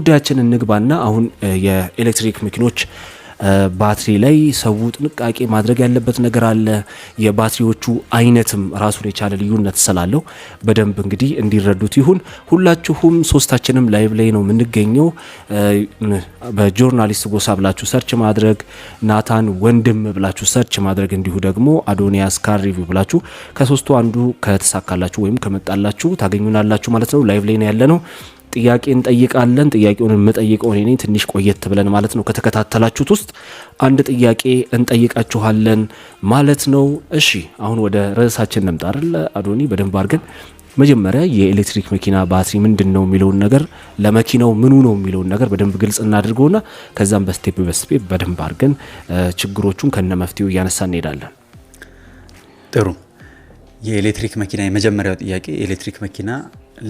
ጉዳያችን እንግባና አሁን የኤሌክትሪክ መኪኖች ባትሪ ላይ ሰው ጥንቃቄ ማድረግ ያለበት ነገር አለ። የባትሪዎቹ አይነትም ራሱን የቻለ ልዩነት ስላለው በደንብ እንግዲህ እንዲረዱት ይሁን። ሁላችሁም ሶስታችንም ላይቭ ላይ ነው የምንገኘው። በጆርናሊስት ጎሳ ብላችሁ ሰርች ማድረግ፣ ናታን ወንድም ብላችሁ ሰርች ማድረግ፣ እንዲሁ ደግሞ አዶኒያስ ካር ሪቪው ብላችሁ ከሶስቱ አንዱ ከተሳካላችሁ ወይም ከመጣላችሁ ታገኙናላችሁ ማለት ነው። ላይቭ ላይ ነው ያለ ነው። ጥያቄ እንጠይቃለን። ጥያቄውን የምጠይቀው እኔ ትንሽ ቆየት ብለን ማለት ነው ከተከታተላችሁት ውስጥ አንድ ጥያቄ እንጠይቃችኋለን ማለት ነው። እሺ አሁን ወደ ርዕሳችን እንምጣ አይደል አዶኒ? በደንብ አድርገን መጀመሪያ የኤሌክትሪክ መኪና ባትሪ ምንድን ነው የሚለውን ነገር ለመኪናው ምኑ ነው የሚለውን ነገር በደንብ ግልጽ እናድርገውና ከዛም በስቴፕ በስቴፕ በደንብ አድርገን ችግሮቹን ከነ መፍትሄው እያነሳ እንሄዳለን። ጥሩ የኤሌክትሪክ መኪና የመጀመሪያው ጥያቄ የኤሌክትሪክ መኪና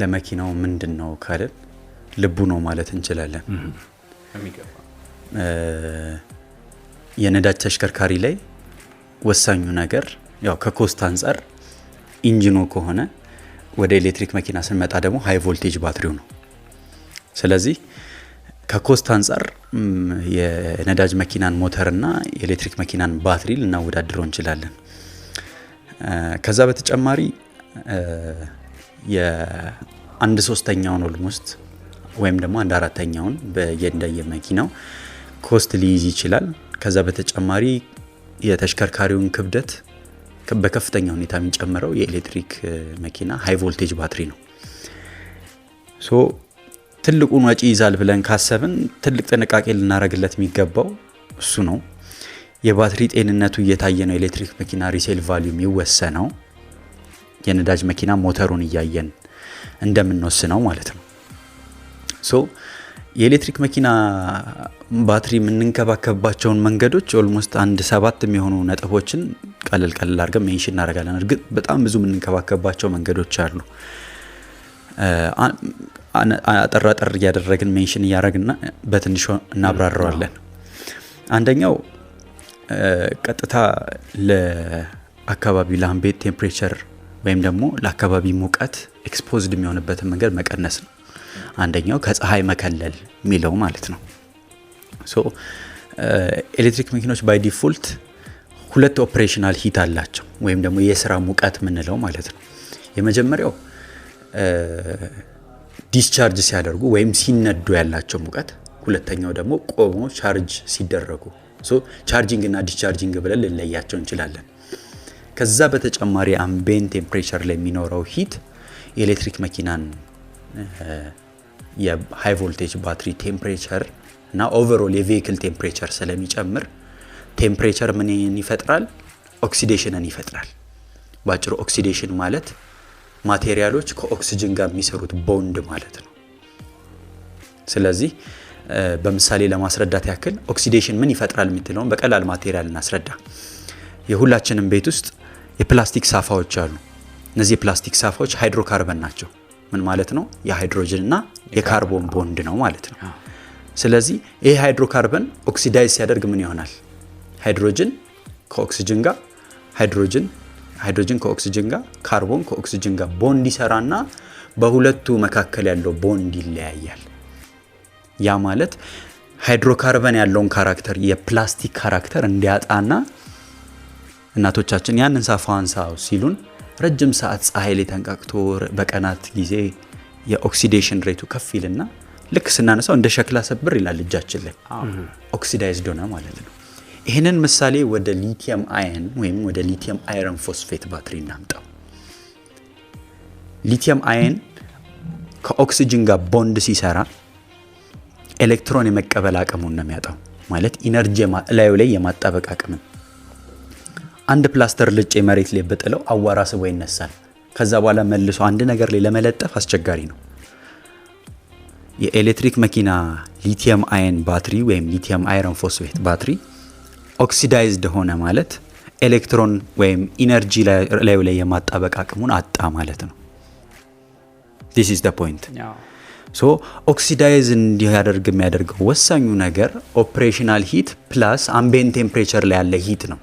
ለመኪናው ምንድን ነው ካልን ልቡ ነው ማለት እንችላለን። የነዳጅ ተሽከርካሪ ላይ ወሳኙ ነገር ያው ከኮስት አንጻር ኢንጂኑ ከሆነ ወደ ኤሌክትሪክ መኪና ስንመጣ ደግሞ ሃይ ቮልቴጅ ባትሪው ነው። ስለዚህ ከኮስት አንጻር የነዳጅ መኪናን ና የኤሌክትሪክ መኪናን ባትሪ ልናወዳድረው እንችላለን። ከዛ በተጨማሪ የአንድ ሶስተኛውን ኦልሞስት ወይም ደግሞ አንድ አራተኛውን በየእንዳየ መኪናው ኮስት ሊይዝ ይችላል። ከዛ በተጨማሪ የተሽከርካሪውን ክብደት በከፍተኛ ሁኔታ የሚጨምረው የኤሌክትሪክ መኪና ሃይ ቮልቴጅ ባትሪ ነው። ሶ ትልቁን ወጪ ይዛል ብለን ካሰብን ትልቅ ጥንቃቄ ልናደርግለት የሚገባው እሱ ነው። የባትሪ ጤንነቱ እየታየ ነው። ኤሌክትሪክ መኪና ሪሴል ቫሊዩ የሚወሰነው የነዳጅ መኪና ሞተሩን እያየን እንደምንወስነው ማለት ነው። ሶ የኤሌክትሪክ መኪና ባትሪ የምንንከባከብባቸውን መንገዶች ኦልሞስት አንድ ሰባት የሚሆኑ ነጥቦችን ቀለል ቀለል አድርገን ሜንሽን እናደርጋለን። እርግጥ በጣም ብዙ የምንንከባከብባቸው መንገዶች አሉ። አጠር አጠር እያደረግን ሜንሽን እያደረግና በትንሹ እናብራረዋለን። አንደኛው ቀጥታ ለአካባቢ ለአምቤት ቴምፕሬቸር ወይም ደግሞ ለአካባቢ ሙቀት ኤክስፖዝድ የሚሆንበትን መንገድ መቀነስ ነው። አንደኛው ከፀሐይ መከለል የሚለው ማለት ነው። ሶ uh, ኤሌክትሪክ መኪኖች ባይ ዲፎልት ሁለት ኦፕሬሽናል ሂት አላቸው ወይም ደግሞ የስራ ሙቀት የምንለው ማለት ነው። የመጀመሪያው ዲስቻርጅ uh, ሲያደርጉ ወይም ሲነዱ ያላቸው ሙቀት፣ ሁለተኛው ደግሞ ቆሞ ቻርጅ ሲደረጉ። ቻርጂንግ እና ዲስቻርጂንግ ብለን ልንለያቸው እንችላለን። ከዛ በተጨማሪ አምቢየንት ቴምፕሬቸር ላይ የሚኖረው ሂት የኤሌክትሪክ መኪናን የሃይ ቮልቴጅ ባትሪ ቴምፕሬቸር እና ኦቨሮል የቬክል ቴምፕሬቸር ስለሚጨምር ቴምፕሬቸር ምንን ይፈጥራል? ኦክሲዴሽንን ይፈጥራል። ባጭሩ ኦክሲዴሽን ማለት ማቴሪያሎች ከኦክሲጅን ጋር የሚሰሩት ቦንድ ማለት ነው። ስለዚህ በምሳሌ ለማስረዳት ያክል ኦክሲዴሽን ምን ይፈጥራል የምትለውን በቀላል ማቴሪያል እናስረዳ። የሁላችንም ቤት ውስጥ የፕላስቲክ ሳፋዎች አሉ። እነዚህ የፕላስቲክ ሳፋዎች ሃይድሮካርበን ናቸው። ምን ማለት ነው? የሃይድሮጅን እና የካርቦን ቦንድ ነው ማለት ነው። ስለዚህ ይህ ሃይድሮካርበን ኦክሲዳይዝ ሲያደርግ ምን ይሆናል? ሃይድሮጅን ከኦክሲጅን ጋር ሃይድሮጅን ሃይድሮጅን ከኦክሲጅን ጋር ካርቦን ከኦክሲጅን ጋር ቦንድ ይሰራና በሁለቱ መካከል ያለው ቦንድ ይለያያል። ያ ማለት ሃይድሮካርበን ያለውን ካራክተር የፕላስቲክ ካራክተር እንዲያጣና እናቶቻችን ያንን ሳፋ አንሳው ሲሉን ረጅም ሰዓት ፀሐይ ላይ ተንቀቅቶ በቀናት ጊዜ የኦክሲዴሽን ሬቱ ከፍ ይልና ልክ ስናነሳው እንደ ሸክላ ሰብር ይላል እጃችን ላይ ኦክሲዳይዝድ ሆነ ማለት ነው። ይህንን ምሳሌ ወደ ሊቲየም አየን ወይም ወደ ሊቲየም አይረን ፎስፌት ባትሪ እናምጣው። ሊቲየም አየን ከኦክሲጅን ጋር ቦንድ ሲሰራ ኤሌክትሮን የመቀበል አቅሙን ነው የሚያጣው። ማለት ኢነርጂ ላዩ ላይ የማጣበቅ አቅምን አንድ ፕላስተር ልጬ መሬት ላይ ብጥለው አዋራ ስቦ ይነሳል። ከዛ በኋላ መልሶ አንድ ነገር ላይ ለመለጠፍ አስቸጋሪ ነው። የኤሌክትሪክ መኪና ሊቲየም አየን ባትሪ ወይም ሊቲየም አይረን ፎስፌት ባትሪ ኦክሲዳይዝድ ሆነ ማለት ኤሌክትሮን ወይም ኢነርጂ ላዩ ላይ የማጣበቅ አቅሙን አጣ ማለት ነው። ዲስ ኢዝ ደ ፖይንት። ሶ ኦክሲዳይዝ እንዲያደርግ የሚያደርገው ወሳኙ ነገር ኦፕሬሽናል ሂት ፕላስ አምቢየንት ቴምፕሬቸር ላይ ያለ ሂት ነው።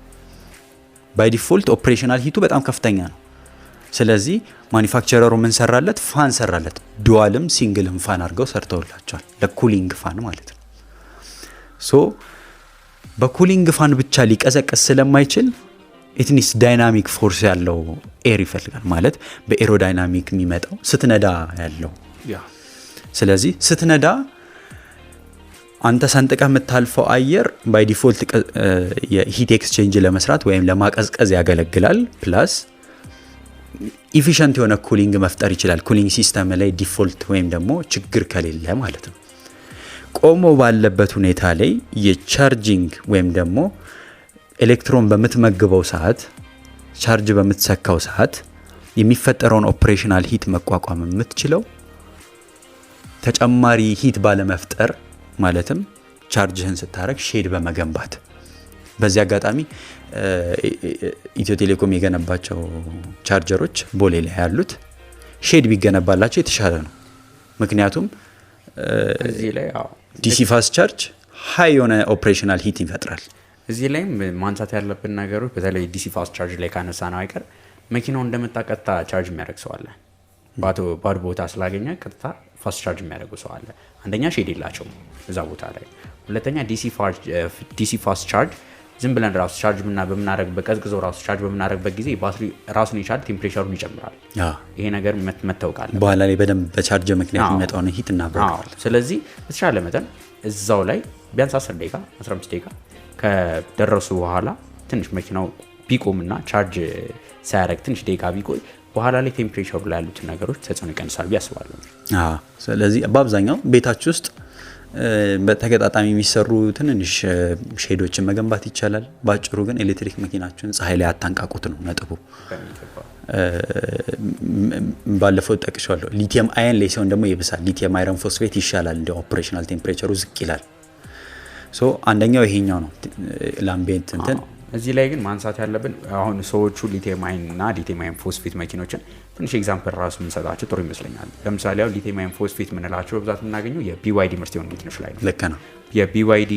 ባይ ዲፎልት ኦፕሬሽናል ሂቱ በጣም ከፍተኛ ነው። ስለዚህ ማኒፋክቸረሩ ምን ሰራለት? ፋን ሰራለት። ዱዋልም ሲንግልም ፋን አድርገው ሰርተውላቸዋል። ለኩሊንግ ፋን ማለት ነው። ሶ በኩሊንግ ፋን ብቻ ሊቀዘቀስ ስለማይችል ኢትኒስ ዳይናሚክ ፎርስ ያለው ኤር ይፈልጋል ማለት በኤሮዳይናሚክ የሚመጣው ስትነዳ ያለው ስለዚህ ስትነዳ አንተ ሰንጥቀ የምታልፈው አየር ባይ ዲፎልት የሂት ኤክስቼንጅ ለመስራት ወይም ለማቀዝቀዝ ያገለግላል። ፕላስ ኢፊሸንት የሆነ ኩሊንግ መፍጠር ይችላል። ኩሊንግ ሲስተም ላይ ዲፎልት ወይም ደግሞ ችግር ከሌለ ማለት ነው። ቆሞ ባለበት ሁኔታ ላይ የቻርጂንግ ወይም ደግሞ ኤሌክትሮን በምትመግበው ሰዓት ቻርጅ በምትሰካው ሰዓት የሚፈጠረውን ኦፕሬሽናል ሂት መቋቋም የምትችለው ተጨማሪ ሂት ባለመፍጠር ማለትም ቻርጅህን ስታረግ ሼድ በመገንባት በዚህ አጋጣሚ ኢትዮ ቴሌኮም የገነባቸው ቻርጀሮች ቦሌ ላይ ያሉት ሼድ ቢገነባላቸው የተሻለ ነው። ምክንያቱም ዲሲ ፋስ ቻርጅ ሀይ የሆነ ኦፕሬሽናል ሂት ይፈጥራል። እዚህ ላይም ማንሳት ያለብን ነገሮች በተለይ ዲሲ ፋስ ቻርጅ ላይ ካነሳ ነው አይቀር መኪናው እንደመጣ ቀጥታ ቻርጅ የሚያደርግ ሰዋለን ባዶ ቦታ ስላገኘ ቀጥታ ፋስት ቻርጅ የሚያደርጉ ሰው አለ። አንደኛ ሼድ የላቸውም እዛ ቦታ ላይ፣ ሁለተኛ ዲሲ ፋስት ቻርጅ ዝም ብለን ራሱ ቻርጅ ምና በምናደረግበት ቀዝቅዘው ራሱ ቻርጅ በምናደረግበት ጊዜ ባትሪ ራሱን የቻለ ቴምፕሬቸሩን ይጨምራል። ይሄ ነገር መታወቃል። በኋላ ላይ በደንብ በቻርጅ ምክንያት የሚመጣውን ሂት እናብረዋል። ስለዚህ በተቻለ መጠን እዛው ላይ ቢያንስ 10 ደቂቃ 15 ደቂቃ ከደረሱ በኋላ ትንሽ መኪናው ቢቆም ቢቆምና ቻርጅ ሳያደረግ ትንሽ ደቂቃ ቢቆይ በኋላ ላይ ቴምፕሬቸሩ ላይ ያሉትን ነገሮች ተጽዕኖ ይቀንሳል ያስባሉ። አስባለሁ። ስለዚህ በአብዛኛው ቤታች ውስጥ በተገጣጣሚ የሚሰሩ ትንንሽ ሼዶችን መገንባት ይቻላል። በአጭሩ ግን ኤሌክትሪክ መኪናችሁን ፀሐይ ላይ አታንቃቁት ነው ነጥቡ። ባለፈው ጠቅሻለሁ። ሊቲየም አየን ላይ ሲሆን ደግሞ ይብሳል። ሊቲየም አይረን ፎስፌት ይሻላል። እንደ ኦፕሬሽናል ቴምፕሬቸሩ ዝቅ ይላል። ሶ አንደኛው ይሄኛው ነው። ላምቤንት እንትን እዚህ ላይ ግን ማንሳት ያለብን አሁን ሰዎቹ ሊቴማይን እና ሊቴማይን ፎስፌት መኪኖችን ትንሽ ኤግዛምፕል ራሱ የምንሰጣቸው ጥሩ ይመስለኛል። ለምሳሌ አሁን ሊቴማይን ፎስፌት የምንላቸው በብዛት የምናገኘው የቢዋይዲ ምርት የሆኑ መኪኖች ላይ ነው። ልክ ነው። የቢዋይዲ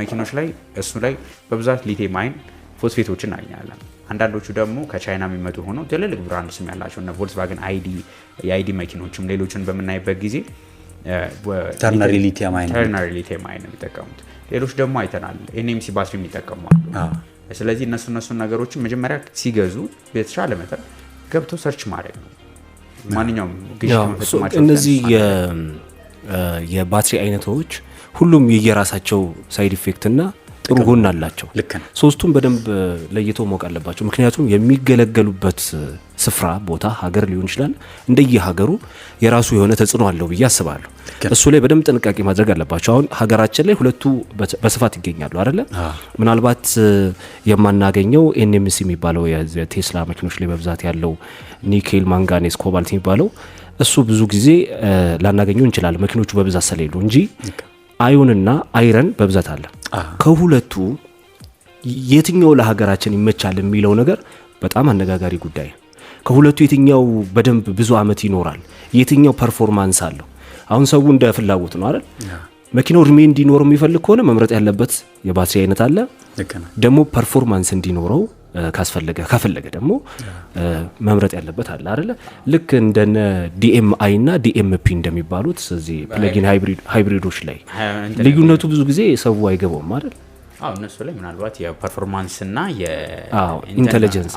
መኪኖች ላይ እሱ ላይ በብዛት ሊቴማይን ፎስፌቶችን እናገኛለን። አንዳንዶቹ ደግሞ ከቻይና የሚመጡ ሆነው ትልልቅ ብራንድ ስም ያላቸው እና ቮልስቫገን አይዲ የአይዲ መኪኖችም ሌሎችን በምናይበት ጊዜ ተርነሪ ሊቴማይን ነው የሚጠቀሙት። ሌሎች ደግሞ አይተናል ኤንኤምሲ ባትሪ የሚጠቀሙ አሉ። ስለዚህ እነሱ እነሱን ነገሮችን መጀመሪያ ሲገዙ በተቻለ መጠን ገብቶ ሰርች ማድረግ ነው። ማንኛውም እነዚህ የባትሪ አይነቶች ሁሉም የየራሳቸው ሳይድ ኢፌክት እና ጥሩ ጎን አላቸው። ሶስቱም በደንብ ለይተው ማወቅ አለባቸው። ምክንያቱም የሚገለገሉበት ስፍራ፣ ቦታ፣ ሀገር ሊሆን ይችላል። እንደየ ሀገሩ የራሱ የሆነ ተጽዕኖ አለው ብዬ አስባለሁ። እሱ ላይ በደንብ ጥንቃቄ ማድረግ አለባቸው። አሁን ሀገራችን ላይ ሁለቱ በስፋት ይገኛሉ አይደለ? ምናልባት የማናገኘው ኤንኤምሲ የሚባለው የቴስላ መኪኖች ላይ በብዛት ያለው ኒኬል፣ ማንጋኔስ ኮባልት የሚባለው እሱ ብዙ ጊዜ ላናገኘው እንችላለን መኪኖቹ በብዛት ስለሌሉ እንጂ አዮንና አይረን በብዛት አለ። ከሁለቱ የትኛው ለሀገራችን ይመቻል የሚለው ነገር በጣም አነጋጋሪ ጉዳይ ነው። ከሁለቱ የትኛው በደንብ ብዙ አመት ይኖራል? የትኛው ፐርፎርማንስ አለው? አሁን ሰው እንደ ፍላጎት ነው አይደል? መኪናው እድሜ እንዲኖረው የሚፈልግ ከሆነ መምረጥ ያለበት የባትሪ አይነት አለ። ደግሞ ፐርፎርማንስ እንዲኖረው ካስፈለገ ከፈለገ ደግሞ መምረጥ ያለበት አለ አይደለ? ልክ እንደነ ዲኤምአይ እና ዲኤምፒ እንደሚባሉት እዚህ ፕለጊን ሃይብሪዶች ላይ ልዩነቱ ብዙ ጊዜ ሰው አይገባውም አይደል? እነሱ ላይ ምናልባት የፐርፎርማንስ እና የኢንቴሊጀንስ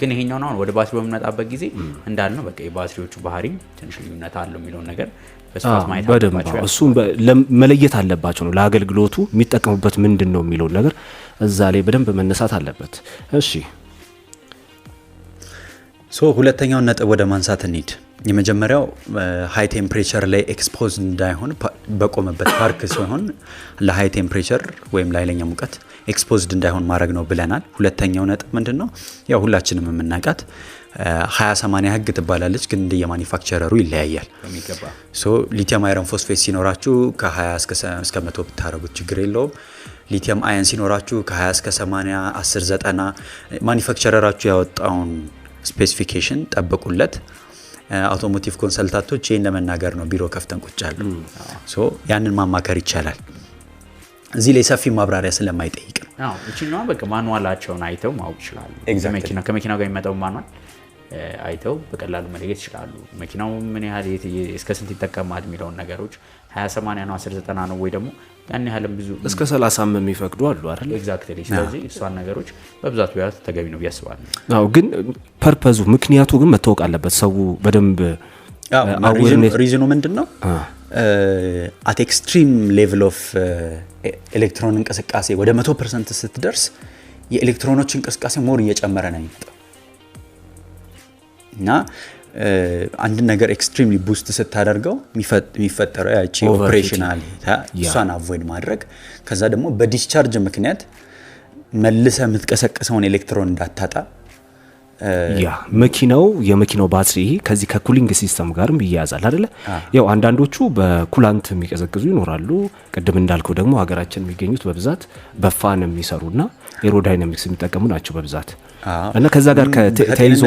ግን ይሄኛውን አሁን ወደ ባትሪ በምንመጣበት ጊዜ እንዳልነው በቃ የባትሪዎቹ ባህሪ ትንሽ ልዩነት አለው የሚለውን ነገር በደንብ መለየት አለባቸው ነው ለአገልግሎቱ የሚጠቀሙበት ምንድን ነው የሚለውን ነገር እዛ ላይ በደንብ መነሳት አለበት። እሺ ሶ ሁለተኛውን ነጥብ ወደ ማንሳት እንሂድ። የመጀመሪያው ሀይ ቴምፕሬቸር ላይ ኤክስፖዝ እንዳይሆን በቆመበት ፓርክ ሲሆን ለሀይ ቴምፕሬቸር ወይም ለኃይለኛ ሙቀት ኤክስፖዝድ እንዳይሆን ማድረግ ነው ብለናል። ሁለተኛው ነጥብ ምንድን ነው? ያው ሁላችንም የምናውቃት 20 ህግ ትባላለች፣ ግን እንደ የማኒፋክቸረሩ ይለያያል። ሶ ሊቲየም አይረን ፎስፌት ሲኖራችሁ ከ20 እስከ 100 ብታረጉት ችግር የለውም። ሊቲየም አየን ሲኖራችሁ ከ20 እስከ 80፣ 10፣ 90 ማኒፋክቸረራችሁ ያወጣውን ስፔሲፊኬሽን ጠብቁለት። አውቶሞቲቭ ኮንሰልታንቶች ይህን ለመናገር ነው ቢሮ ከፍተን ቁጭ ያንን ማማከር ይቻላል። እዚህ ላይ ሰፊ ማብራሪያ ስለማይጠይቅ ነው። እችኛዋ በቃ አይተው ማወቅ ይችላሉ። ጋር የሚመጣው ማኗል አይተው በቀላሉ መለየት ይችላሉ። መኪናው ምን ያህል እስከ ስንት ይጠቀማል የሚለውን ነገሮች 28 ነው 19 ነው ወይ ደግሞ ያን ያህልም ብዙ እስከ 30 የሚፈቅዱ አሉ አይደል? ኤግዛክትሊ። ስለዚህ እሷን ነገሮች በብዛት ቢያት ተገቢ ነው ብያስባለሁ። ግን ፐርፐዙ ምክንያቱ ግን መታወቅ አለበት። ሰው በደንብ ሪዝኑ ምንድን ነው? አት ኤክስትሪም ሌቭል ኦፍ ኤሌክትሮን እንቅስቃሴ ወደ 100 ፐርሰንት ስትደርስ የኤሌክትሮኖች እንቅስቃሴ ሞር እየጨመረ ነው የሚመጣው እና አንድ ነገር ኤክስትሪምሊ ቡስት ስታደርገው የሚፈጠረው ያቺ ኦፕሬሽናል እሷን አቮይድ ማድረግ ከዛ ደግሞ በዲስቻርጅ ምክንያት መልሰ የምትቀሰቅሰውን ኤሌክትሮን እንዳታጣ ያ መኪናው የመኪናው ባትሪ ከዚህ ከኩሊንግ ሲስተም ጋርም ይያያዛል አደለ? ያው አንዳንዶቹ በኩላንት የሚቀዘቅዙ ይኖራሉ። ቅድም እንዳልከው ደግሞ ሀገራችን የሚገኙት በብዛት በፋን የሚሰሩና ኤሮዳይናሚክስ የሚጠቀሙ ናቸው በብዛት እና ከዛ ጋር ተይዞ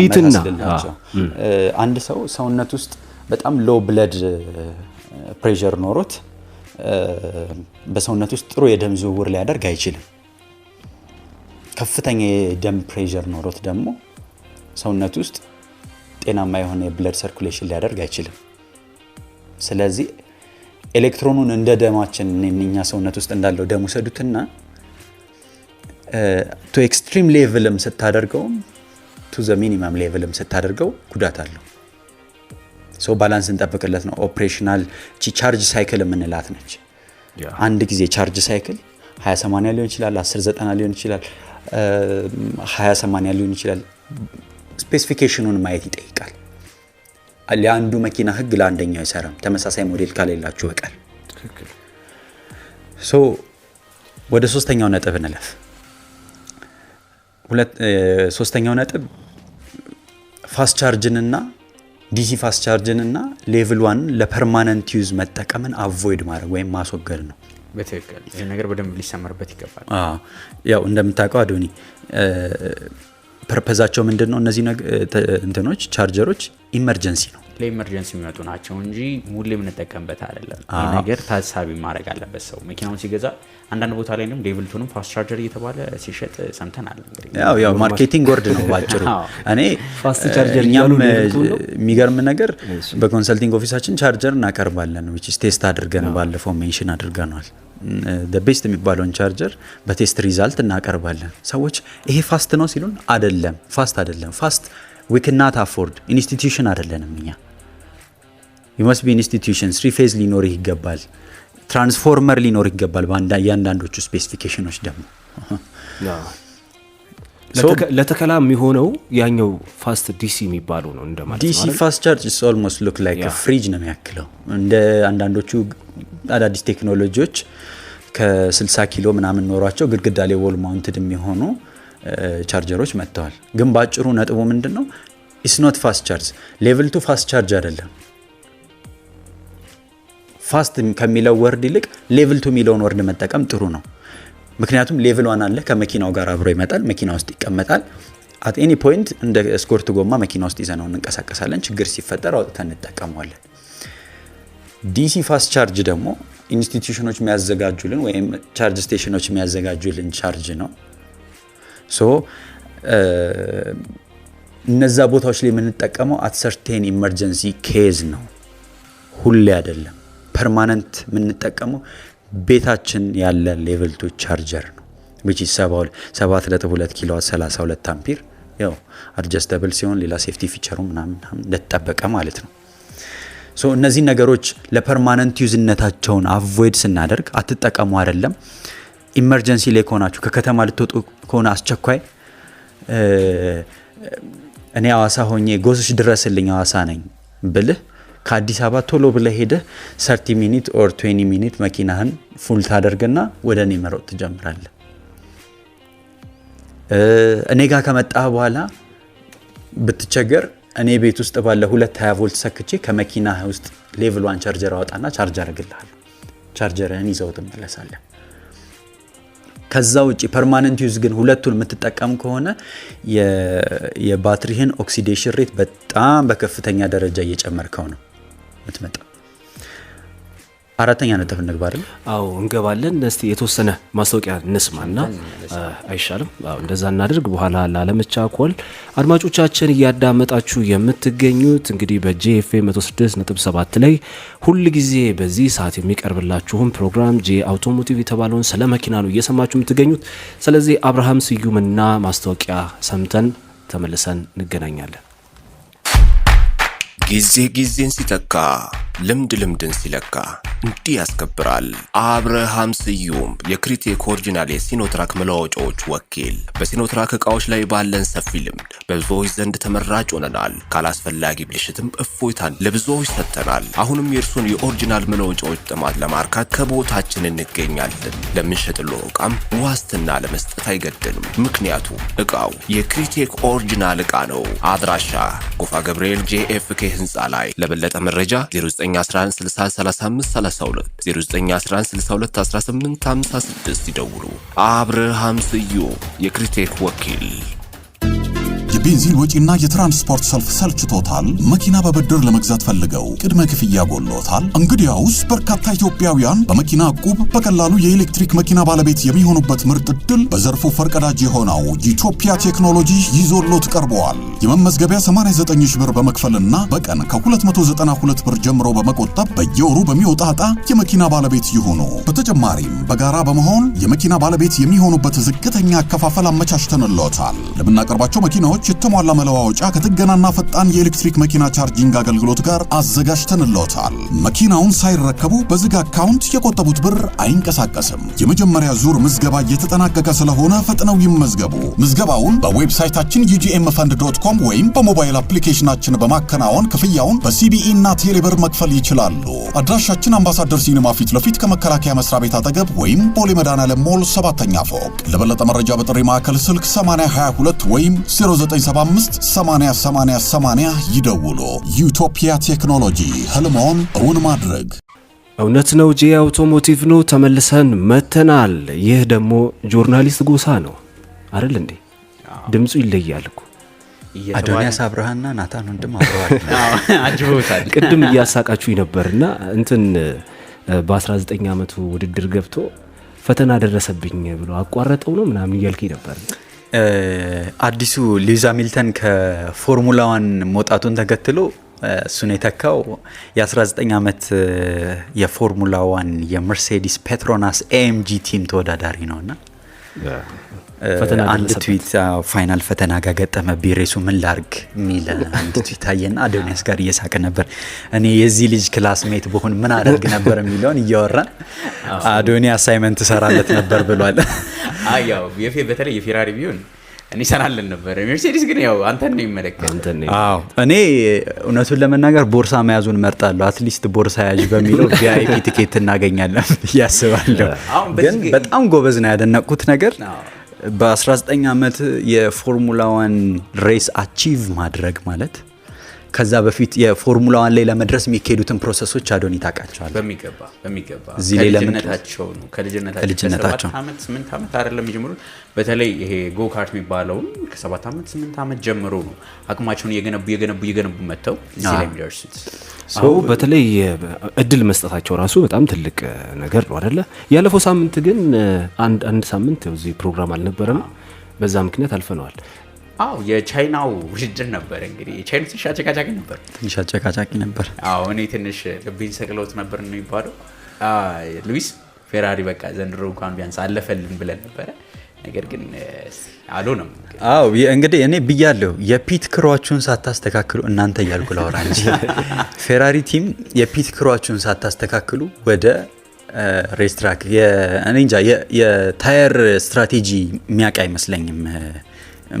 ሂትና አንድ ሰው ሰውነት ውስጥ በጣም ሎ ብለድ ፕሬር ኖሮት በሰውነት ውስጥ ጥሩ የደም ዝውውር ሊያደርግ አይችልም። ከፍተኛ የደም ፕሬር ኖሮት ደግሞ ሰውነት ውስጥ ጤናማ የሆነ የብለድ ሰርኩሌሽን ሊያደርግ አይችልም። ስለዚህ ኤሌክትሮኑን እንደ ደማችን እኛ ሰውነት ውስጥ እንዳለው ደም ውሰዱትና ቱ ኤክስትሪም ሌቭልም ስታደርገውም ቱ ዘ ሚኒማም ሌቭልም ስታደርገው ጉዳት አለው። ሰው ባላንስ እንጠብቅለት ነው። ኦፕሬሽናል ቻርጅ ሳይክል የምንላት ነች። አንድ ጊዜ ቻርጅ ሳይክል 28 ሊሆን ይችላል፣ 19 ሊሆን ይችላል፣ 28 ሊሆን ይችላል። ስፔሲፊኬሽኑን ማየት ይጠይቃል። ለአንዱ መኪና ህግ ለአንደኛው አይሰራም፣ ተመሳሳይ ሞዴል ካሌላችሁ በቀር። ወደ ሶስተኛው ነጥብ እንለፍ። ሶስተኛው ነጥብ ፋስት ቻርጅንና ዲሲ ፋስት ቻርጅንና ሌቭል ዋንን ለፐርማነንት ዩዝ መጠቀምን አቮይድ ማድረግ ወይም ማስወገድ ነው። በትክክል ይህ ነገር በደንብ ሊሰመርበት ይገባል። ያው እንደምታውቀው አዶኒ ፐርፐዛቸው ምንድን ነው? እነዚህ እንትኖች ቻርጀሮች ኢመርጀንሲ ነው ለኢመርጀንሲ የሚመጡ ናቸው እንጂ ሁሌ የምንጠቀምበት አይደለም። ነገር ታሳቢ ማድረግ አለበት ሰው መኪናውን ሲገዛ። አንዳንድ ቦታ ላይ ደግሞ ፋስት ቻርጀር እየተባለ ሲሸጥ ሰምተናል። ያው ያው ማርኬቲንግ ወርድ ነው ባጭሩ። እኔ እኛም የሚገርም ነገር በኮንሰልቲንግ ኦፊሳችን ቻርጀር እናቀርባለን፣ ቴስት አድርገን ባለፈው ሜንሽን አድርገናል። ቤስት የሚባለውን ቻርጀር በቴስት ሪዛልት እናቀርባለን። ሰዎች ይሄ ፋስት ነው ሲሉን አደለም፣ ፋስት አደለም፣ ፋስት ዊክናት አፎርድ ኢንስቲትዩሽን አደለንም እኛ ዩመስቢ ኢንስቲትዩሽን ስሪ ፌዝ ሊኖርህ ይገባል። ትራንስፎርመር ሊኖር ይገባል። እያንዳንዶቹ ስፔሲፊኬሽኖች ደግሞ ለተከላ የሚሆነው ያኛው ፋስት ዲሲ የሚባለው ነው እንደማለት። ዲሲ ፋስት ቻርጅ ኢስ ኦልሞስት ሉክ ላይክ ፍሪጅ ነው የሚያክለው። እንደ አንዳንዶቹ አዳዲስ ቴክኖሎጂዎች ከ60 ኪሎ ምናምን ኖሯቸው ግድግዳ ላይ ወል ማውንትድ የሚሆኑ ቻርጀሮች መጥተዋል። ግን በአጭሩ ነጥቡ ምንድን ነው? ኢስ ኖት ፋስት ቻርጅ ሌቭል ቱ ፋስት ቻርጅ አይደለም። ፋስት ከሚለው ወርድ ይልቅ ሌቭል ቱ የሚለውን ወርድ መጠቀም ጥሩ ነው። ምክንያቱም ሌቭል ዋን አለ ከመኪናው ጋር አብሮ ይመጣል፣ መኪና ውስጥ ይቀመጣል። አት ኤኒ ፖይንት እንደ ስኮርት ጎማ መኪና ውስጥ ይዘነው እንንቀሳቀሳለን። ችግር ሲፈጠር አውጥተን እንጠቀመዋለን። ዲሲ ፋስት ቻርጅ ደግሞ ኢንስቲትዩሽኖች የሚያዘጋጁልን ወይም ቻርጅ ስቴሽኖች የሚያዘጋጁልን ቻርጅ ነው። ሶ እነዛ ቦታዎች ላይ የምንጠቀመው አትሰርቴን ኢመርጀንሲ ኬዝ ነው፣ ሁሌ አይደለም። ፐርማነንት የምንጠቀመው ቤታችን ያለ ሌቭል ቱ ቻርጀር ነው ዊች 7.2 ኪሎ 32 አምፒር ያው አድጀስተብል ሲሆን ሌላ ሴፍቲ ፊቸሩ ምናምን እንደተጠበቀ ማለት ነው። ሶ እነዚህ ነገሮች ለፐርማነንት ዩዝነታቸውን አቮይድ ስናደርግ አትጠቀሙ አይደለም። ኢመርጀንሲ ላይ ከሆናችሁ ከከተማ ልትወጡ ከሆነ አስቸኳይ እኔ አዋሳ ሆኜ ጎስሽ ድረስልኝ አዋሳ ነኝ ብልህ ከአዲስ አበባ ቶሎ ብለ ሄደ ሰርቲ ሚኒት ኦር ትዌኒ ሚኒት መኪናህን ፉል ታደርግና ወደ እኔ መሮጥ ትጀምራለ እኔ ጋር ከመጣ በኋላ ብትቸገር እኔ ቤት ውስጥ ባለ ሁለት 20 ቮልት ሰክቼ ከመኪና ውስጥ ሌቭሏን ቻርጀር አወጣና ቻርጅ አደርግልሃለሁ። ቻርጀርህን ይዘው ትመለሳለ ከዛ ውጭ ፐርማነንት ዩዝ ግን ሁለቱን የምትጠቀም ከሆነ የባትሪህን ኦክሲዴሽን ሬት በጣም በከፍተኛ ደረጃ እየጨመርከው ነው። የምትመጣ። አራተኛ ነጥብ እንግባል አዎ እንገባለን። እስቲ የተወሰነ ማስታወቂያ እንስማና አይሻልም? እንደዛ እናደርግ በኋላ ላለመቻኮል አድማጮቻችን እያዳመጣችሁ የምትገኙት እንግዲህ በጄኤፍኤም 106.7 ላይ ሁል ጊዜ በዚህ ሰዓት የሚቀርብላችሁም ፕሮግራም ጄ አውቶሞቲቭ የተባለውን ስለ መኪና ነው እየሰማችሁ የምትገኙት። ስለዚህ አብርሃም ስዩምና ማስታወቂያ ሰምተን ተመልሰን እንገናኛለን። ጊዜ ጊዜን ሲተካ ልምድ ልምድን ሲለካ እንዲ ያስከብራል። አብርሃም ስዩም የክሪቴክ ኦሪጂናል የሲኖትራክ መለዋወጫዎች ወኪል። በሲኖትራክ እቃዎች ላይ ባለን ሰፊ ልምድ በብዙዎች ዘንድ ተመራጭ ሆነናል። ካላስፈላጊ ብልሽትም እፎይታን ለብዙዎች ሰጥተናል። አሁንም የእርሱን የኦሪጂናል መለወጫዎች ጥማት ለማርካት ከቦታችን እንገኛለን። ለምንሸጥሎ እቃም ዋስትና ለመስጠት አይገደንም። ምክንያቱም እቃው የክሪቴክ ኦሪጂናል እቃ ነው። አድራሻ ጎፋ ገብርኤል ጄኤፍኬ ህንፃ ላይ። ለበለጠ መረጃ 0911 60 35 62 0911621856 ይደውሉ። አብርሃም ስዩ የክሪቴክ ወኪል የቤንዚን ወጪና የትራንስፖርት ሰልፍ ሰልችቶታል? መኪና በብድር ለመግዛት ፈልገው ቅድመ ክፍያ ጎሎታል? እንግዲያውስ በርካታ ኢትዮጵያውያን በመኪና ዕቁብ በቀላሉ የኤሌክትሪክ መኪና ባለቤት የሚሆኑበት ምርጥ ዕድል በዘርፉ ፈርቀዳጅ የሆነው ኢትዮጵያ ቴክኖሎጂ ይዞሎት ቀርበዋል። የመመዝገቢያ 89 ሺህ ብር በመክፈልና በቀን ከ292 ብር ጀምሮ በመቆጠብ በየወሩ በሚወጣ ዕጣ የመኪና ባለቤት ይሁኑ። በተጨማሪም በጋራ በመሆን የመኪና ባለቤት የሚሆኑበት ዝቅተኛ አከፋፈል አመቻችተንሎታል። ለምናቀርባቸው መኪናዎች የተሟላ መለዋወጫ ከጥገናና ፈጣን የኤሌክትሪክ መኪና ቻርጂንግ አገልግሎት ጋር አዘጋጅተንልዎታል። መኪናውን ሳይረከቡ በዝግ አካውንት የቆጠቡት ብር አይንቀሳቀስም። የመጀመሪያ ዙር ምዝገባ እየተጠናቀቀ ስለሆነ ፈጥነው ይመዝገቡ። ምዝገባውን በዌብሳይታችን ዩጂኤም ፈንድ ዶት ኮም ወይም በሞባይል አፕሊኬሽናችን በማከናወን ክፍያውን በሲቢኢ እና ቴሌብር መክፈል ይችላሉ። አድራሻችን አምባሳደር ሲኒማ ፊት ለፊት ከመከላከያ መስሪያ ቤት አጠገብ ወይም ቦሌ መድኃኔዓለም ሞል ሰባተኛ ፎቅ። ለበለጠ መረጃ በጥሪ ማዕከል ስልክ 8022 ወይም 09 975 ይደውሉ። ዩቶፒያ ቴክኖሎጂ ህልሞን እውን ማድረግ እውነት ነው። ጄ አውቶሞቲቭ ነው። ተመልሰን መተናል። ይህ ደግሞ ጆርናሊስት ጎሳ ነው አይደል እንዴ? ድምፁ ይለያል እኮ አዶኒያስ አብርሃና ናታን ወንድም አብረዋል። ቅድም እያሳቃችሁ ነበርና እንትን በ19 ዓመቱ ውድድር ገብቶ ፈተና ደረሰብኝ ብሎ አቋረጠው ነው ምናምን እያልክ ነበር። አዲሱ ሊዝ ሃሚልተን ከፎርሙላ ዋን መውጣቱን ተከትሎ እሱን የተካው የ19 ዓመት የፎርሙላ ዋን የመርሴዲስ ፔትሮናስ ኤምጂ ቲም ተወዳዳሪ ነው እና አንድ ትዊት ፋይናል ፈተና ጋር ገጠመ ቢሬሱ ምን ላርግ የሚል አንድ ትዊት አየና አዶኒያስ ጋር እየሳቀ ነበር። እኔ የዚህ ልጅ ክላስሜት በሆን ምን አደርግ ነበር የሚለውን እያወራን አዶኒያስ አሳይመንት ትሰራለት ነበር ብሏል። ያው በተለይ የፌራሪ ቢሆን እንሰራለን ነበር ሜርሴዲስ ግን ያው አንተ ነው ይመለከት። እኔ እውነቱን ለመናገር ቦርሳ መያዙን መርጣለሁ። አትሊስት ቦርሳ ያዥ በሚለው ቪይፒ ቲኬት እናገኛለን እያስባለሁ። ግን በጣም ጎበዝ ነው ያደነቅኩት ነገር በ19 ዓመት የፎርሙላ ዋን ሬስ አቺቭ ማድረግ ማለት ከዛ በፊት የፎርሙላ ዋን ላይ ለመድረስ የሚካሄዱትን ፕሮሰሶች አዶኒ ታውቃቸዋል በሚገባ በሚገባ እዚህ ላይ ለምንልጅነታቸው ነው ከልጅነታቸው ዓመት ስምንት ዓመት አይደለም የጀመሩት በተለይ ይሄ ጎካርት የሚባለውን ከሰባት ዓመት ስምንት ዓመት ጀምሮ ነው አቅማቸውን እየገነቡ እየገነቡ እየገነቡ መጥተው እዚህ ላይ የሚደርሱት ሰው በተለይ እድል መስጠታቸው ራሱ በጣም ትልቅ ነገር ነው አደለ ያለፈው ሳምንት ግን አንድ ሳምንት እዚህ ፕሮግራም አልነበረም በዛ ምክንያት አልፈነዋል አዎ የቻይናው ውድድር ነበር እንግዲህ የቻይና ትንሽ አጨቃጫቂ ነበር፣ ትንሽ አጨቃጫቂ ነበር። አዎ እኔ ትንሽ ልብኝ ሰቅለውት ነበር ነው የሚባለው። ሉዊስ ፌራሪ በቃ ዘንድሮ እንኳን ቢያንስ አለፈልን ብለን ነበረ፣ ነገር ግን አልሆነም። አዎ እንግዲህ እኔ ብያለሁ የፒት ክሯችሁን ሳታስተካክሉ እናንተ እያልኩ ላወራ እንጂ ፌራሪ ቲም የፒት ክሯችሁን ሳታስተካክሉ ወደ ሬስትራክ እንጃ የታየር ስትራቴጂ የሚያውቅ አይመስለኝም።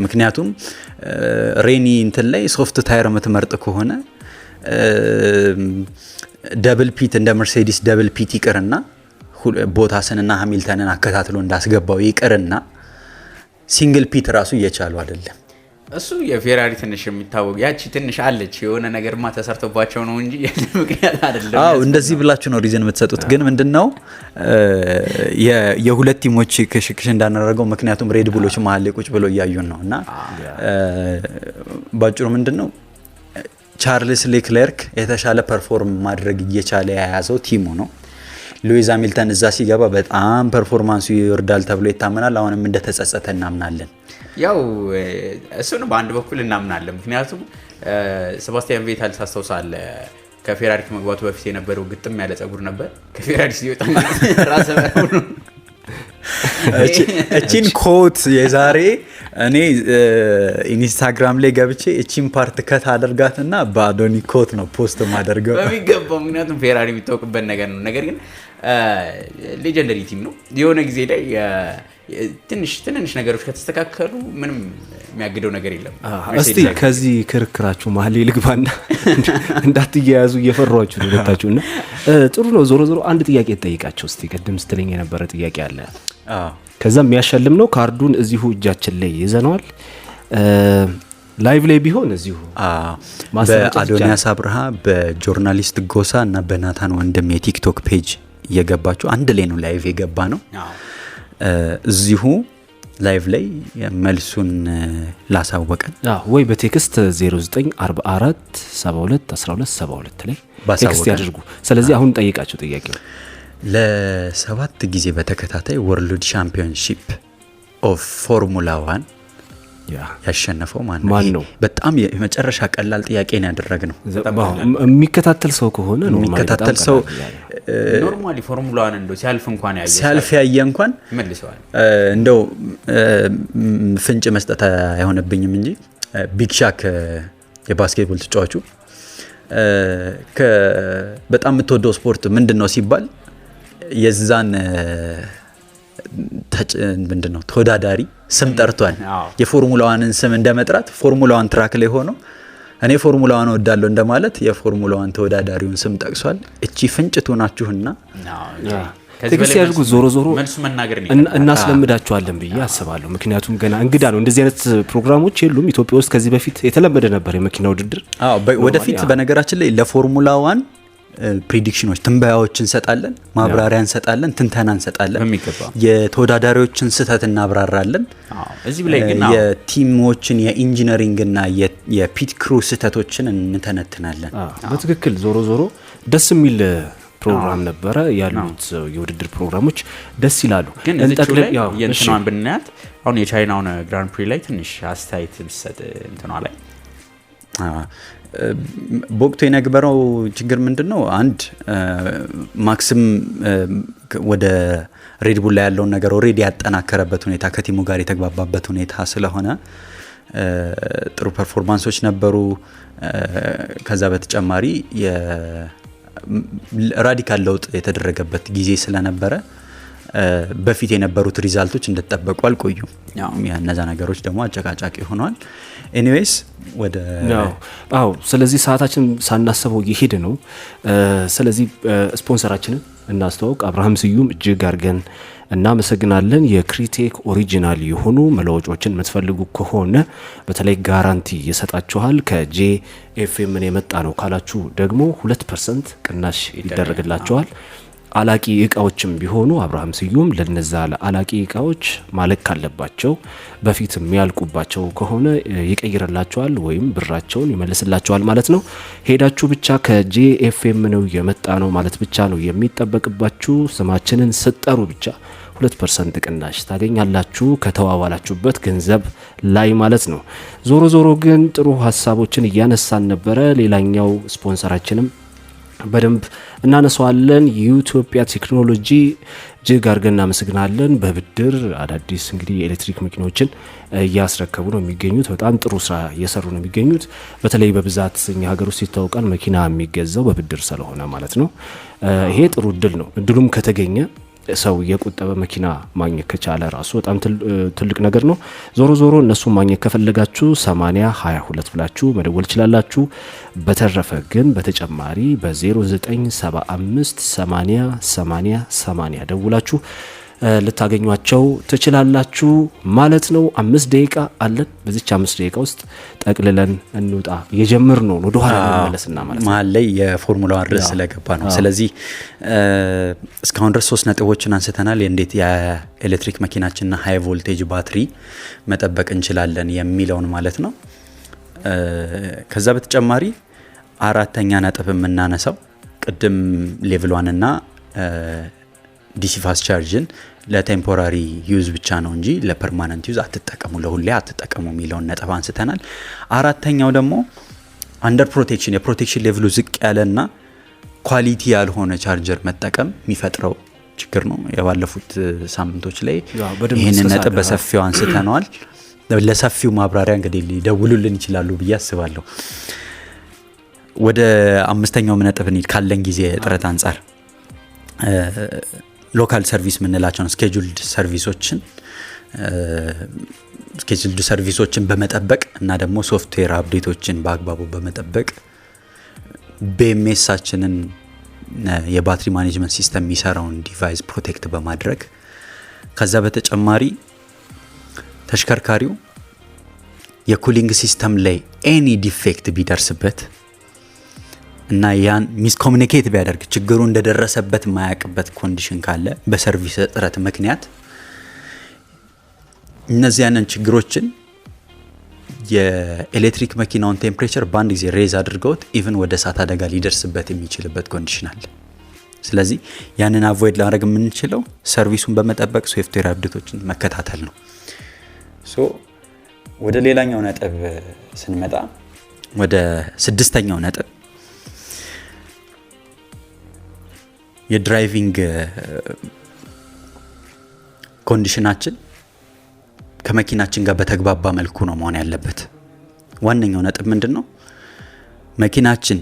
ምክንያቱም ሬኒ እንትን ላይ ሶፍት ታየር የምትመርጥ ከሆነ ደብል ፒት እንደ መርሴዲስ ደብል ፒት ይቅርና ቦታስንና ሀሚልተንን አከታትሎ እንዳስገባው ይቅርና ሲንግል ፒት ራሱ እየቻሉ አይደለም። እሱ የፌራሪ ትንሽ የሚታወቅ ያቺ ትንሽ አለች የሆነ ማ ተሰርቶባቸው ነው እንጂ ምክንያት አይደለም። እንደዚህ ብላችሁ ነው ሪዝን የምትሰጡት። ግን ምንድን ነው የሁለት ቲሞች ክሽክሽ እንዳናደረገው፣ ምክንያቱም ሬድ ቡሎች መሀል ቁጭ ብለው እያዩን ነው። እና ባጭሩ ምንድን ነው ቻርልስ ሌክለርክ የተሻለ ፐርፎርም ማድረግ እየቻለ የያዘው ቲሙ ነው። ሉዊዝ ሀሚልተን እዛ ሲገባ በጣም ፐርፎርማንሱ ይወርዳል ተብሎ ይታመናል። አሁንም እንደተጸጸተ እናምናለን። ያው እሱን በአንድ በኩል እናምናለን። ምክንያቱም ሰባስቲያን ቬታል ታስታውሳለህ ከፌራሪ ከመግባቱ በፊት የነበረው ግጥም ያለ ጸጉር ነበር። ከፌራሪ ሲወጣ እቺን ኮት የዛሬ እኔ ኢንስታግራም ላይ ገብቼ እቺን ፓርት ከት አደርጋት እና በአዶኒ ኮት ነው ፖስት ማደርገው በሚገባው። ምክንያቱም ፌራሪ የሚታወቅበት ነገር ነው። ነገር ግን ሌጀንደሪ ቲም ነው። የሆነ ጊዜ ላይ ትንሽ ትንንሽ ነገሮች ከተስተካከሉ ምንም የሚያግደው ነገር የለም። እስቲ ከዚህ ክርክራችሁ መሀል ልግባና እንዳትያያዙ እየፈሯችሁ ሁለታችሁ እና ጥሩ ነው። ዞሮ ዞሮ አንድ ጥያቄ ትጠይቃቸው እስቲ። ቅድም ስትለኝ የነበረ ጥያቄ አለ ከዛ የሚያሸልም ነው። ካርዱን እዚሁ እጃችን ላይ ይዘነዋል። ላይቭ ላይ ቢሆን እዚሁ በአዶኒያስ አብርሃ በጆርናሊስት ጎሳ እና በናታን ወንድም የቲክቶክ ፔጅ እየገባችሁ አንድ ላይ ነው ላይቭ የገባ ነው። እዚሁ ላይቭ ላይ መልሱን ላሳወቀን ወይ በቴክስት 0944 72 12 ላይ ቴክስት ያድርጉ። ስለዚህ አሁን ጠይቃቸው ጥያቄ ለሰባት ጊዜ በተከታታይ ወርልድ ሻምፒዮንሺፕ ኦፍ ፎርሙላ ዋን ያሸነፈው ማን ነው? በጣም የመጨረሻ ቀላል ጥያቄ ነው ያደረግነው። የሚከታተል ሰው ከሆነ የሚከታተል ሰው ኖርማሊ ፎርሙላዋን ሲያልፍ እንኳን ያየ ሲያልፍ ያየ እንኳን እንደው ፍንጭ መስጠት አይሆነብኝም እንጂ ቢግሻክ የባስኬትቦል ተጫዋቹ በጣም የምትወደው ስፖርት ምንድን ነው ሲባል የዛን ምንድን ነው ተወዳዳሪ ስም ጠርቷል። የፎርሙላዋንን ስም እንደመጥራት ፎርሙላዋን ትራክ ላይ ሆኖ እኔ ፎርሙላዋን ወዳለሁ እንደማለት የፎርሙላዋን ተወዳዳሪውን ስም ጠቅሷል። እቺ ፍንጭቱ ናችሁና ትግስት ያድርጉ። ዞሮ ዞሮ እናስለምዳቸዋለን ብዬ አስባለሁ። ምክንያቱም ገና እንግዳ ነው። እንደዚህ አይነት ፕሮግራሞች የሉም ኢትዮጵያ ውስጥ። ከዚህ በፊት የተለመደ ነበር የመኪና ውድድር። ወደፊት በነገራችን ላይ ለፎርሙላ ዋን ፕሪዲክሽኖች ትንበያዎች እንሰጣለን፣ ማብራሪያ እንሰጣለን፣ ትንተና እንሰጣለን። የተወዳዳሪዎችን ስህተት እናብራራለን። የቲሞችን የኢንጂነሪንግና የፒት ክሩ ስህተቶችን እንተነትናለን። በትክክል ዞሮ ዞሮ ደስ የሚል ፕሮግራም ነበረ። ያሉት የውድድር ፕሮግራሞች ደስ ይላሉ። ግን እንትኗን ብናያት አሁን የቻይናውን ግራንድ ፕሪ ላይ ትንሽ አስተያየት ብሰጥ እንትኗ ላይ በወቅቱ የነበረው ችግር ምንድን ነው? አንድ ማክስም ወደ ሬድቡል ላይ ያለውን ነገር ኦሬዲ ያጠናከረበት ሁኔታ ከቲሙ ጋር የተግባባበት ሁኔታ ስለሆነ ጥሩ ፐርፎርማንሶች ነበሩ። ከዛ በተጨማሪ ራዲካል ለውጥ የተደረገበት ጊዜ ስለነበረ በፊት የነበሩት ሪዛልቶች እንደተጠበቁ አልቆዩም። እነዛ ነገሮች ደግሞ አጨቃጫቂ ሆነዋል። ኤኒዌይስ ወደ አዎ፣ ስለዚህ ሰዓታችን ሳናስበው እየሄደ ነው። ስለዚህ ስፖንሰራችንን እናስተዋውቅ። አብርሃም ስዩም እጅግ አድርገን እናመሰግናለን። የክሪቴክ ኦሪጂናል የሆኑ መለወጮችን የምትፈልጉ ከሆነ በተለይ ጋራንቲ ይሰጣችኋል። ከጄኤፍኤምን የመጣ ነው ካላችሁ ደግሞ ሁለት ፐርሰንት ቅናሽ ይደረግላችኋል። አላቂ እቃዎችም ቢሆኑ አብርሃም ስዩም ለነዛ አላቂ እቃዎች ማለቅ ካለባቸው በፊት የሚያልቁባቸው ከሆነ ይቀይርላቸዋል ወይም ብራቸውን ይመልስላቸዋል ማለት ነው። ሄዳችሁ ብቻ ከጄኤፍኤም ነው የመጣ ነው ማለት ብቻ ነው የሚጠበቅባችሁ። ስማችንን ስጠሩ ብቻ ሁለት ፐርሰንት ቅናሽ ታገኛላችሁ ከተዋዋላችሁበት ገንዘብ ላይ ማለት ነው። ዞሮ ዞሮ ግን ጥሩ ሀሳቦችን እያነሳን ነበረ። ሌላኛው ስፖንሰራችንም በደንብ እናነሰዋለን። የኢትዮጵያ ቴክኖሎጂ እጅግ አድርገን እናመሰግናለን። በብድር አዳዲስ እንግዲህ የኤሌክትሪክ መኪኖችን እያስረከቡ ነው የሚገኙት። በጣም ጥሩ ስራ እየሰሩ ነው የሚገኙት። በተለይ በብዛት እኛ ሀገር ውስጥ ይታወቃል መኪና የሚገዛው በብድር ስለሆነ ማለት ነው። ይሄ ጥሩ እድል ነው። እድሉም ከተገኘ ሰው የቆጠበ መኪና ማግኘት ከቻለ ራሱ በጣም ትልቅ ነገር ነው። ዞሮ ዞሮ እነሱ ማግኘት ከፈለጋችሁ 80 22 ብላችሁ መደወል ችላላችሁ። በተረፈ ግን በተጨማሪ በ0975 80 80 80 ደውላችሁ ልታገኟቸው ትችላላችሁ ማለት ነው። አምስት ደቂቃ አለን። በዚች አምስት ደቂቃ ውስጥ ጠቅልለን እንውጣ። የጀምር ነው ወደ ኋላ መለስና ማለት ነው መሀል ላይ የፎርሙላ ዋን ርዕስ ስለገባ ነው። ስለዚህ እስካሁን ድረስ ሶስት ነጥቦችን አንስተናል። እንዴት የኤሌክትሪክ መኪናችንና ሀይ ቮልቴጅ ባትሪ መጠበቅ እንችላለን የሚለውን ማለት ነው። ከዛ በተጨማሪ አራተኛ ነጥብ የምናነሳው ቅድም ሌቭሏንና ዲሲ ፋስት ቻርጅን ለቴምፖራሪ ዩዝ ብቻ ነው እንጂ ለፐርማነንት ዩዝ አትጠቀሙ፣ ለሁሌ አትጠቀሙ የሚለውን ነጥብ አንስተናል። አራተኛው ደግሞ አንደር ፕሮቴክሽን የፕሮቴክሽን ሌቭሉ ዝቅ ያለና ኳሊቲ ያልሆነ ቻርጀር መጠቀም የሚፈጥረው ችግር ነው። የባለፉት ሳምንቶች ላይ ይህንን ነጥብ በሰፊው አንስተነዋል። ለሰፊው ማብራሪያ እንግዲህ ሊደውሉልን ይችላሉ ብዬ አስባለሁ። ወደ አምስተኛው ነጥብ እንሂድ ካለን ጊዜ እጥረት አንጻር ሎካል ሰርቪስ የምንላቸውን ስኬጁልድ ሰርቪሶችን ስኬጁልድ ሰርቪሶችን በመጠበቅ እና ደግሞ ሶፍትዌር አፕዴቶችን በአግባቡ በመጠበቅ ቤሜሳችንን የባትሪ ማኔጅመንት ሲስተም የሚሰራውን ዲቫይስ ፕሮቴክት በማድረግ ከዛ በተጨማሪ ተሽከርካሪው የኩሊንግ ሲስተም ላይ ኤኒ ዲፌክት ቢደርስበት እና ያን ሚስኮሚኒኬት ቢያደርግ ችግሩ እንደደረሰበት ማያቅበት ኮንዲሽን ካለ በሰርቪስ እጥረት ምክንያት እነዚያንን ችግሮችን የኤሌክትሪክ መኪናውን ቴምፕሬቸር በአንድ ጊዜ ሬዝ አድርገውት ኢቨን ወደ እሳት አደጋ ሊደርስበት የሚችልበት ኮንዲሽን አለ። ስለዚህ ያንን አቮይድ ላደረግ የምንችለው ሰርቪሱን በመጠበቅ ሶፍትዌር አብዴቶችን መከታተል ነው። ሶ ወደ ሌላኛው ነጥብ ስንመጣ ወደ ስድስተኛው ነጥብ የድራይቪንግ ኮንዲሽናችን ከመኪናችን ጋር በተግባባ መልኩ ነው መሆን ያለበት። ዋነኛው ነጥብ ምንድን ነው? መኪናችን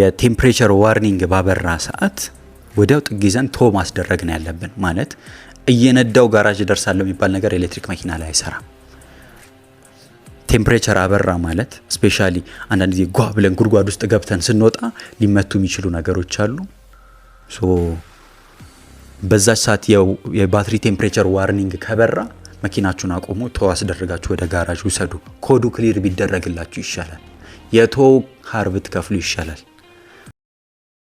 የቴምፕሬቸር ዋርኒንግ ባበራ ሰዓት ወዲያው ጥግ ይዘን ቶ ማስደረግ ነው ያለብን። ማለት እየነዳው ጋራጅ ደርሳለሁ የሚባል ነገር ኤሌክትሪክ መኪና ላይ አይሰራም። ቴምፕሬቸር አበራ ማለት ስፔሻሊ አንዳንድ ጊዜ ጓ ብለን ጉድጓድ ውስጥ ገብተን ስንወጣ ሊመቱ የሚችሉ ነገሮች አሉ። በዛች ሰዓት የባትሪ ቴምፕሬቸር ዋርኒንግ ከበራ መኪናችሁን አቆሙ፣ ቶ አስደረጋችሁ ወደ ጋራጅ ውሰዱ። ኮዱ ክሊር ቢደረግላችሁ ይሻላል። የቶ ሀርብት ከፍሉ ይሻላል።